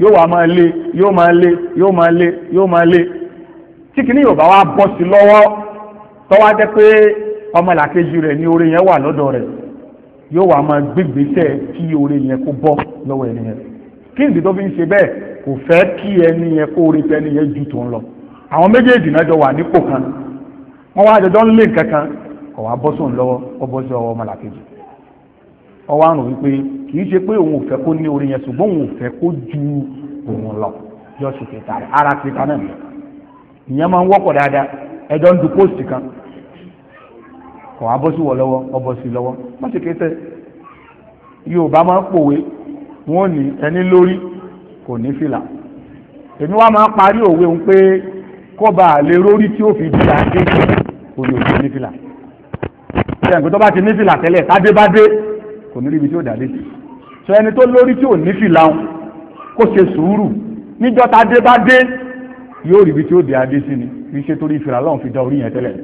yóò wá máa lé yóò máa lé yóò máa lé yóò máa lé tí kìíní yóò bá wá bọ́ sí lọ́wọ́ tọ́wá jẹ́ pé ọmọ làkejì rẹ̀ ni. oore yẹn wà lọ́dọ̀ rẹ̀ yóò wá máa gbégbèsè kí oore yẹn kó bọ́ lọ́wọ́ ẹni yẹn kí nìdí tó fi ń ṣe bẹ́ẹ̀ kò fẹ́ kí ẹni yẹn kó oore tẹ ẹni yẹn ju tó ń lọ àwọn méjèèjì náà jọ wà nípò kan wọ́n wá jọjọ́ ń lé nǹkan kan kọ̀ bọ́ sóun lọ́wọ́ ọ bọ́ sí ọwọ́ ọmọ làkejì ọwọ́ àrùn wípé kì í ṣe pé òun ò fẹ́ kó ní orí yẹn ṣùgbọ́n òun ò fẹ́ kó ju òun lọ yọ sí kẹta rẹ̀ ara kẹta náà ìyẹn máa ń wọ́pọ̀ dáadáa ẹjọ́ ń du póòsì kan kọ̀ wá bọ́ sí wọ̀ lọ́wọ́ ọbọ̀ sí lọ́wọ́ má ṣe kẹsẹ̀ Yorùbá máa ń pòwe wọn ò ní ẹni lórí kò ní fìlà èmi wá máa ń parí òwe ń pé kọ́ba àlè rórí tí ó fi di àkéjì kò ní òfin ní fìlà ṣe ẹ̀gbẹ́ tó bá ti ní fìlà tẹ́lẹ̀ tádé kò ní ríbi tí ó dà dé sí i sọ ẹni tó lórí tí ò ní fìlà kó ṣe sùúrù níjọ́ ta dé bá dé yóò rí ibi tí ó dé adé sí ni kì í ṣe torí ìfìlà lọ́run fi da orí yẹn tẹ́lẹ̀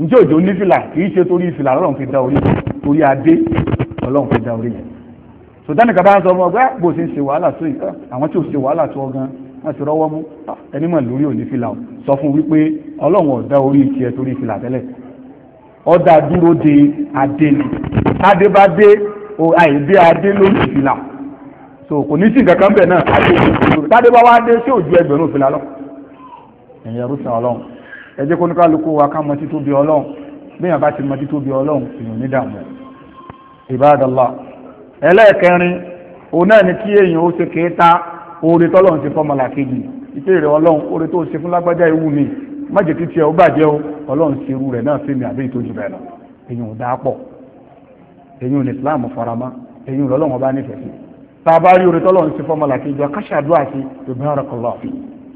njẹ́ òjò ní fìlà kì í ṣe torí ìfìlà lọ́run fi da orí torí adé ọlọ́run fi da orí yẹn sọdánì kaba sọ ọmọ ọgbẹ́ ah, bó ṣe ń ṣe wàhálà tó yìí ah, àwọn tí ò ṣe wàhálà tó ọgán wọ́n ti rọ́wọ́ mú ah, ẹni mọ̀ lórí òní fìlà o sọ fún wípé ọlọ́run ọ̀dá orí tiẹ̀ torí fìlà tẹ́lẹ̀ ọ̀dà dúró de adé ni tádé bá dé àìdé adé lórí ìfìlà so kò ní sí nǹkan kan bẹ̀ náà adé ìfìlà tádé bá wá dé sí òjú ẹgbẹ̀rún ìfìlà lọ ẹ̀yìn ẹrú sàn ọlọ́run ẹ jẹ́ kó ní kálukú wa ká mọ títóbi ọlọ́run bẹ́ẹ̀ bá ti mọ títóbi ọlọ́run èèyàn ní dààmú ìbádọ́lá ẹlẹ́ẹ̀kẹrin òun náà ni kí èèyàn ó ṣe kéta oore tọ́lọ́run ti fọ́mọlà kejì ìpè rẹ̀ ọlọ́run oore tó ṣe fún lágbájá ewu mi má jẹ́ kí tiẹ̀ ó bàjẹ́ o ọlọ́run ṣe irú rẹ̀ náà fẹ́mi àbí ìtòjú bẹ́ẹ̀ lọ èèyàn ò dáa pọ̀ ẹ̀yin ní islam farama ẹ̀yin lọ́lọ́wọ́n bá nífẹ̀ẹ́ sí tá a bá rí orí tọ́lọ́run sí fọ́mọlà kí ìjọ akáṣàdúrà sí ibarakallah fi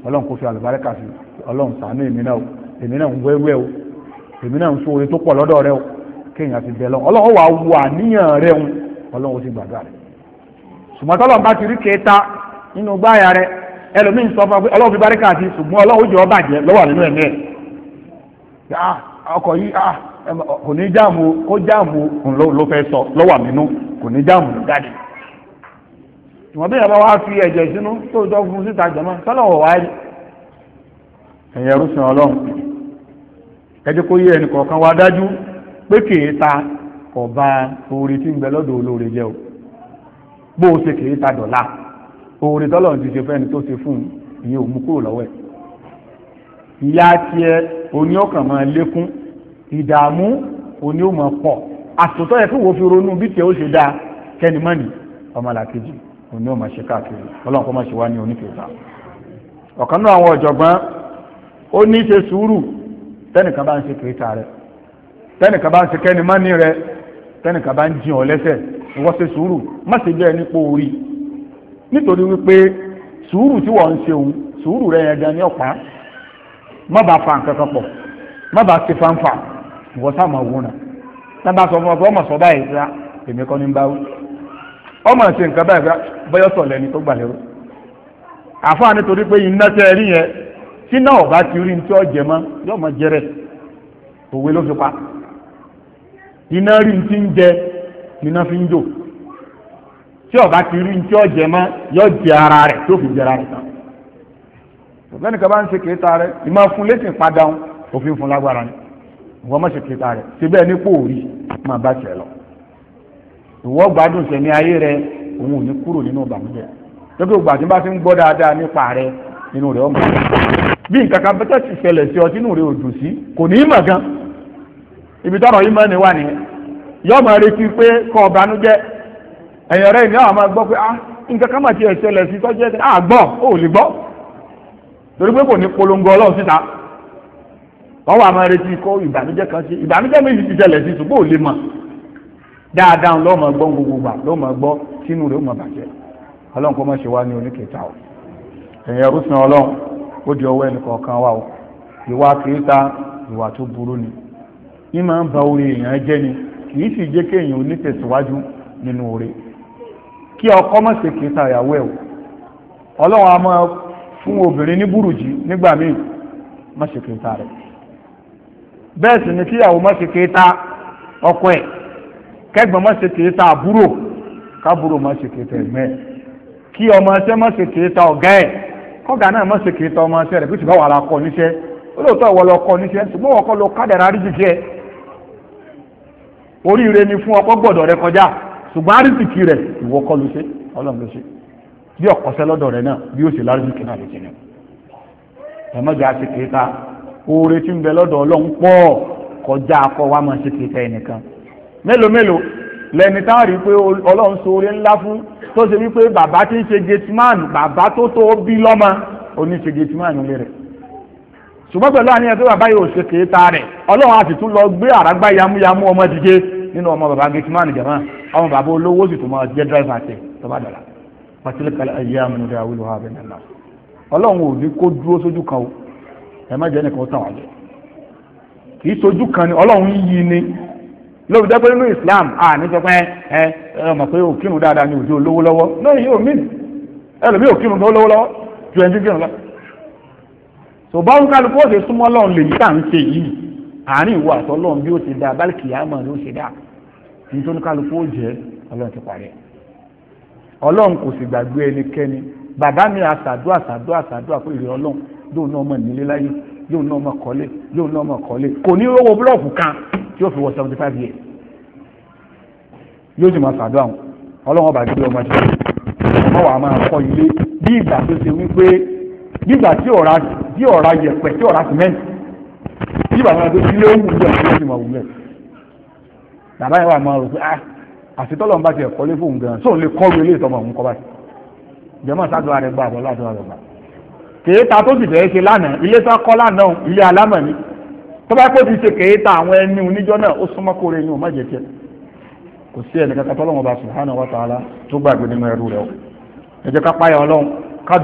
ọlọ́run kò fi àlùbáríkà sí ọlọ́run ṣàánú èmi náà èmi náà ń wẹ́wẹ́ o èmi náà so orí tó pọ̀ lọ́dọ̀ rẹ o kéèyàn ti bẹ̀ lọ ọlọ́run wà wù àníyàn rẹ ọlọ́run ó sì kò ní jáàmù ó jáàmù ló fẹ́ sọ lọ́wà nínú kò ní jáàmù ló jáde ìwọ̀n bí ìyàbá wá fi ẹ̀jẹ̀ sínú tó jọ fún síta jọmọ́ tọ́lọ̀wọ̀ wá rí ẹ̀yẹ rúṣin ọlọ́run ẹjẹ́ kó yé ẹnìkọ̀ọ̀kan wá dájú pé kìí ta ọba oore tí ń bẹ lọ́dọ̀ olóore jẹ́ o bó o ṣe kìí ta dọ̀la oore tọ́lọ̀ ti ṣe fẹ́ni tó ṣe fún ìyẹn òmú lọ́wọ́ ẹ̀ ìyá tiẹ̀ oní máa lékún ìdààmú òní ó mọ̀ pọ̀ àtòtọ́ yẹ wo fi ronú bí tí ó ṣe dá kẹ́ni mọ́ni ọmọlàkejì òní mọ̀ ṣe káàkiri ọlọ́run ma mọ̀ ṣe wá ní oníkèéta ọ̀kan àwọn ọ̀jọ̀gbọ́n ó ní ṣe sùúrù tẹ́nìkan bá ń ṣe bá ń ṣe mọ́ni bá ń jìn lẹ́sẹ̀ wọ́n ṣe sùúrù ìwọ sáà máa wúna tábà sọ fún ọ pé ọmọ sọ báyìí rà ah, èmi kọ́ ní ń báwí ọmọ ṣe nǹkan báyìí rà ah, bọ́yọ̀ sọ lẹ́ni tó gbà lérò àfáà nítorí pé iná tẹ́ ẹ rí yẹn tí náà ọ̀gá ti rí ní tí ọ jẹ mọ jẹrẹ fi pa iná rí ní tí ń jẹ iná fi ń jò tí ti rí ní tí ọ jẹ mọ́ yóò jẹ ara tó fi tán ọ̀gbẹ́ni ń ṣe wọ́n mọ̀ṣẹ̀ kẹta rẹ̀ síbẹ̀ nípò orí ma bá lọ ìwọ gbádùn sẹ̀mí ayé rẹ òun ò ní kúrò nínú ìbànújẹ́ lókè ògbà tí bá ti ń gbọ́ dáadáa nípa rẹ nínú rẹ ọmọ bí nǹkan kan bẹ́tẹ̀ ti ṣẹlẹ̀ sí ọ sínú rẹ òjò sí kò ní mọ̀ gan ibi tọrọ yìí mọ́ ni wà nìyẹn máa wọ́n wà máa retí kọ́ ìbànújẹ́ kan sí ìbànújẹ́ méjì ti ṣẹlẹ̀ sí ṣùgbọ́n ò lè mọ̀ dáadáa ló gbọ́ gbogbo gbà ló gbọ́ sínú rẹ̀ ó ọlọ́run kọ́ ṣe wá ní oníkẹta o ẹ̀yìn ẹrú sin ọlọ́run ó di ọwọ́ ẹnì kọ̀ọ̀kan wa o ìwà kìíta ìwà tó burú ni ní máa ń ba orí èèyàn jẹ́ ni kì í sì jẹ́ bẹ́ẹ̀ sì ni kíyàwó má ṣe kéta ọkọ ẹ̀ kẹ́gbọ́n má ṣe kéta àbúrò kábúrò má ṣe kéta ẹ̀gbẹ́ kí ọmọ ẹsẹ́ má ṣe kéta ọ̀gá ẹ̀ kọ́gà náà má ṣe kéta ọmọ ẹsẹ́ rẹ̀ bí ṣùgbọ́n wà á kọ́ níṣẹ́ olóòótọ́ ìwọ lọ kọ́ níṣẹ́ ṣùgbọ́n oríire ni fún ọkọ gbọ́dọ̀ rẹ kọjá ṣùgbọ́n ìwọ kọ́ ọlọ́run bí rẹ náà bí ó ṣe náà náà oore tí ń bẹ lọ́dọ̀ ọlọ́run pọ̀ kọjá akọ wa máa ṣe kìtẹ́ ẹnìkan mélòó mélòó lẹ́ni táwọn rí i pé ọlọ́run so oore ńlá fún tó ṣe wípé bàbá tí ń ṣe gateman bàbá tó tó bí lọ́mọ oníṣe gateman nílé rẹ̀ ṣùgbọ́n pẹ̀lú àníyàn tó bàbá yóò ṣe kìíta rẹ̀ ọlọ́run á sì tún lọ gbé àràgbá yamuyamu ọmọ dìde nínú ọmọ bàbá jẹ̀mọ́ ọmọ bàbá olówó sì tún máa jẹ́ dírẹ́fà tẹ̀ tó bá ayé ọlọ́run ò ní kó dúró sójú kan ẹ má jẹ́ nìkan tàn wá jẹ́ kì í sojú kan ni ọlọ́run yí ni lórí dẹ́gbẹ́ nínú Islam a ní sọ pé ẹ ẹ pé òkìrùn dáadáa ni òjò olówó lọ́wọ́ lórí yóò mí ẹlòmí òkìrùn tó lówó lọ́wọ́ ju ẹni kírun lọ so báwọn kálukú ọ̀sẹ̀ súnmọ́ ọlọ́run lè yí tá à ń ṣe yìí àárín ìwọ àtọ́lọ́run bí ó ti dáa bálkì àmọ́ ló ṣe dáa nítorí kálukú ó jẹ́ ọlọ́run ti parí ọlọ́run kò sì gbàgbé ẹnikẹ́ni bàbá mi àṣàdúà àṣàdúà àṣàdúà pé ìrẹ́ ọlọ́run lóun náà mọ̀ nílé láyé lóun náà mọ̀ kọ́lé lóun náà mọ̀ kọ́lé kò ní rówó búlọ́ọ̀kù kan tí ó fi wọ seventy five years yóò sì máa sàdó àwọn ọlọ́wọ́n bá gbé ọmọ jùlọ ọmọ wa máa kọ́ ilé bí ìgbà tó ṣe wípé bí ìgbà tí ọ̀rá tí ọ̀rá yẹ̀pẹ̀ tí ọ̀rá sìmẹ́ǹtì tí bàbá tó ilé ó wù lẹ̀ ó sì máa wù lẹ̀ bàbá yẹn wà máa rò pé ah àti tọ́lọ́run bá ti ẹ̀kọ́ lé fóun gan sóun lè kọ́ ru ilé ìtọ́mọ̀ òun kọ́ báyìí jẹ́mọ́ sádùn àrẹ gbà àbọ̀ ládùn àrẹ gbà kèéta tó sì fẹ́ ṣe lánàá ilé tán kọ́ ilé alámọ̀ ni tó bá kó ti ṣe kèéta àwọn ẹni oníjọ́ náà ó súnmọ́ kó rẹ̀ inú kò sí kankan bá tó gbàgbé nínú ẹrú rẹ̀ o ẹ jẹ́ ká páyà ọlọ́run ká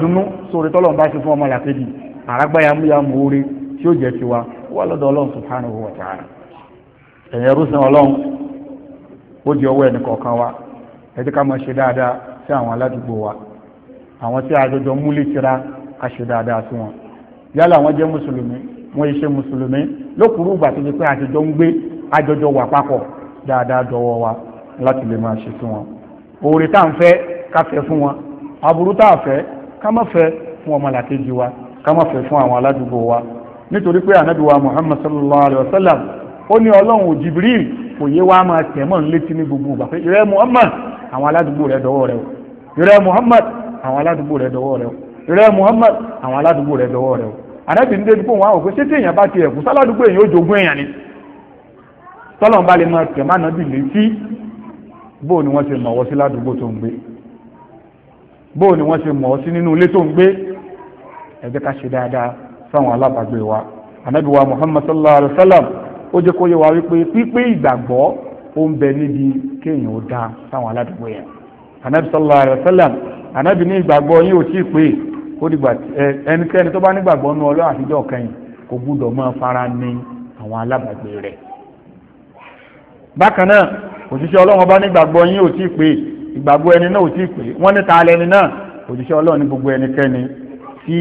sórí bá ṣe fún ọmọ làkejì àrágbáyàmúyàmú oore tí ó jẹ́ tiwa wà lọ́dọ̀ ọlọ́run ẹ̀yẹ ọlọ́run wa ká ṣe dáadáa sí àwọn wa àwọn tí a múlé tira aṣe dáadáa sí wọn yálà wọn jẹ́ mùsùlùmí wọn iṣẹ́ mùsùlùmí lókùrú ìgbà tó ti pé àtijọ́ ń gbé àjọjọ wà papọ̀ dáadáa dọwọ́ wa láti lè máa ṣe fún wọn oore tá à ń fẹ́ ká fẹ́ fún wọn aburú tá à fẹ́ ká má fẹ́ fún ọmọlàkejì wa ká má fẹ́ fún àwọn aládùúgbò wa nítorí pé ànábì wa muhammad sallallahu alayhi wa sallam ó ní ọlọ́run jibril kò yé wa máa tẹ̀ mọ́ létí ní gbogbo ìgbà pé ìrẹ́ muhammad àwọn aládùúgbò rẹ̀ dọwọ́ rẹ̀ o ìrẹ́ muhammad àwọn aládùúgbò rẹ̀ dọwọ́ rẹ̀ o rẹ Muhammad àwọn aládùúgbò rẹ dọwọ́ rẹ o ànábì ní dédúgbò wọn àwọn òpin ṣé tí èèyàn bá ti ẹ̀kú sáládùúgbò èèyàn ó jogún èèyàn ni tọ́lọ̀ bá lè má létí bóò ni wọ́n ṣe mọ̀ sí ládùúgbò tó ń gbé bóò ni wọ́n ṣe mọ̀ sí nínú ilé tó ń gbé ẹ ká ṣe dáadáa fáwọn alábàgbé wa ànábì wa Muhammad sallallahu alayhi wa sallam ó jẹ́ kó yẹ wa wípé pípé ìgbàgbọ́ ó kó dìgbà ẹnikẹ́ni tó bá nígbàgbọ́ nu ọlọ́run àtijọ́ kẹyìn kò gbúdọ̀ máa fara ní àwọn alábàgbé rẹ̀ bákan náà òṣìṣẹ́ ọlọ́run bá nígbàgbọ́ yín ò tí ì pé ìgbàgbọ́ ẹni náà ò tí ì pé wọ́n ní ta lẹni náà òṣìṣẹ́ ọlọ́run ní gbogbo ẹnikẹ́ni tí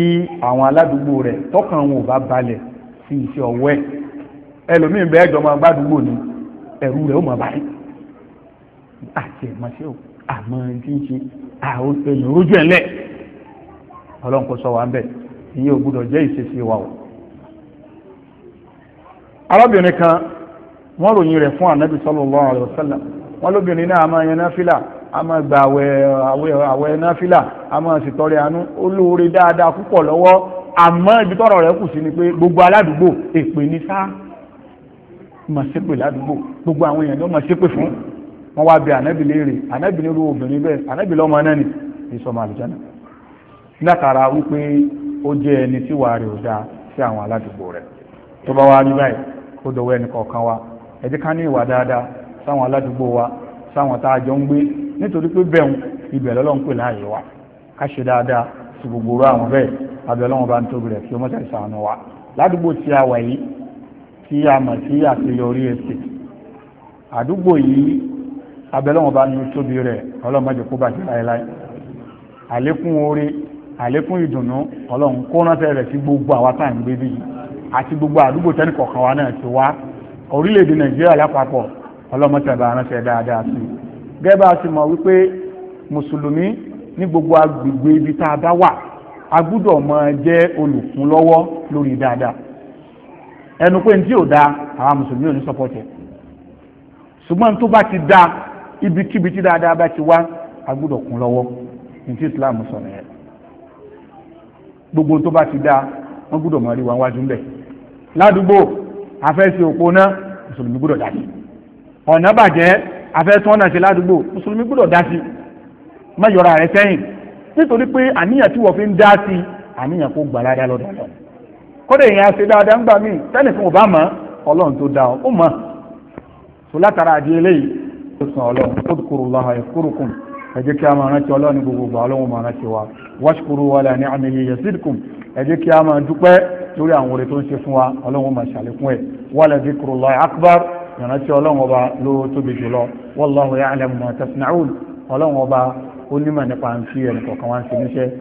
àwọn aládùúgbò rẹ̀ tọkàn wọn ò bá balẹ̀ sí iṣẹ́ ọwọ́ ẹ̀ ẹlòmíín bẹ́ẹ̀ jọmọ gbádùúgbò ni ẹ̀rù rẹ̀ ó mọ̀ báyìí àti ẹ̀mọ́ṣẹ́ ò àmọ́ ẹni tí ń ṣe àwọn èèyàn rójú ẹ̀ lẹ́ẹ̀ ọlọ́run kò sọ wà ń bẹ̀ ìyẹn ò gbúdọ̀ jẹ́ ìṣesí wa o arábìnrin kan wọ́n ròyìn rẹ̀ fún ànábì sallallahu alaihi wasallam wọ́n lóbìnrin náà a máa yan náfìlà a máa gba àwẹ̀ náfìlà a máa sì tọrẹ àánú olóore dáadáa púpọ̀ lọ́wọ́ àmọ́ ibi tọ́rọ̀ rẹ̀ kù sí ni pé gbogbo aládùúgbò èpè ládùúgbò gbogbo àwọn èèyàn ló máa ṣépè fún wọn wá bí ànábì léèrè ànábì nírú obìnrin bẹ́ẹ̀ ànábì lọ́mọ náà ni ìsọmọ àlùjá látara wípé ó jẹ́ ẹni tí wàá rè ó sí àwọn aládùúgbò rẹ̀ tó bá wá rí báyìí ó dọ̀wọ́ ẹnì kọ̀ọ̀kan wa ẹ jẹ́ ká ní ìwà dáadáa sáwọn aládùúgbò wa sáwọn tá a jọ ń gbé nítorí pé bẹ́ẹ̀ ibẹ̀ lọ́lọ́run pè láàyè wa ká ṣe dáadáa sí gbogbo àwọn bẹ́ẹ̀ abẹ́ ọlọ́run bá ń tóbi rẹ̀ kí ó mọ́tẹ́ ìsàánú wa ládùúgbò tí a wà yìí tí a mọ̀ sí àṣeyọrí ẹsẹ̀ àdúgbò yìí abẹ́ ọlọ́run bá ń tóbi rẹ̀ ọlọ́run má jẹ́ kó bàjẹ́ láéláé àlékún oore àlékún ìdùnnú ọlọ́run kó ránṣẹ́ rẹ̀ sí gbogbo àwa tá à ń gbé bí àti gbogbo àdúgbò tẹ́nì kọ̀ọ̀kan wa náà ti wá orílẹ̀-èdè nàìjíríà lápapọ̀ ọlọ́mọtẹ̀bà ránṣẹ́ dáadáa sí i gẹ́gẹ́ bá a ti mọ̀ wípé mùsùlùmí ní gbogbo agbègbè ibi tá a bá wà a gbúdọ̀ máa jẹ́ olùkúnlọ́wọ́ lórí dáadáa ẹnu pé tí ò da àwọn mùsùlùmí ò ní sọpọ́tẹ̀ ṣùgbọ́n tó bá ti da ibikíbi tí dáadáa bá ti wá a gbúdọ̀ kún lọ́wọ́ ní tí islam sọ̀rọ̀ yẹn gbogbo tó bá ti dáa wọ́n gbúdọ̀ mọ̀ rí wa wájú ń bẹ̀ ládùúgbò afẹ́sí òpó náà mùsùlùmí gbúdọ̀ dá sí ọ̀nà bàjẹ́ afẹ́sí ọ̀nà ṣe ládùúgbò mùsùlùmí gbúdọ̀ dá sí má yọra rẹ sẹ́yìn nítorí pé àníyàn tí wọ́n fi ń dá sí àníyàn kó gbà ládàá lọ́dọ̀ lọ kódà èèyàn ṣe dáadáa ń gbà míì tẹ́nìkan ò bá mọ̀ ọlọ́run tó dá ó mọ̀ ẹ jẹ́ kí a máa rántí ọlọ́run gbogbogbò ọlọ́run máa rántí wa washkuru wala ni'amihi yazidkum ẹ jẹ́ kí a máa dúpẹ́ lórí àwọn oore tó ń ṣe fún wa ọlọ́run máa ṣàlékún ẹ̀ wala zikrullahi akbar ìrántí ọlọ́run ọba ló tóbi jùlọ wallahu ya'lamu ma tasna'un ọlọ́run ọba onímọ̀ nípa ń fi ẹnì kọ̀ọ̀kan wá ń ṣe níṣẹ́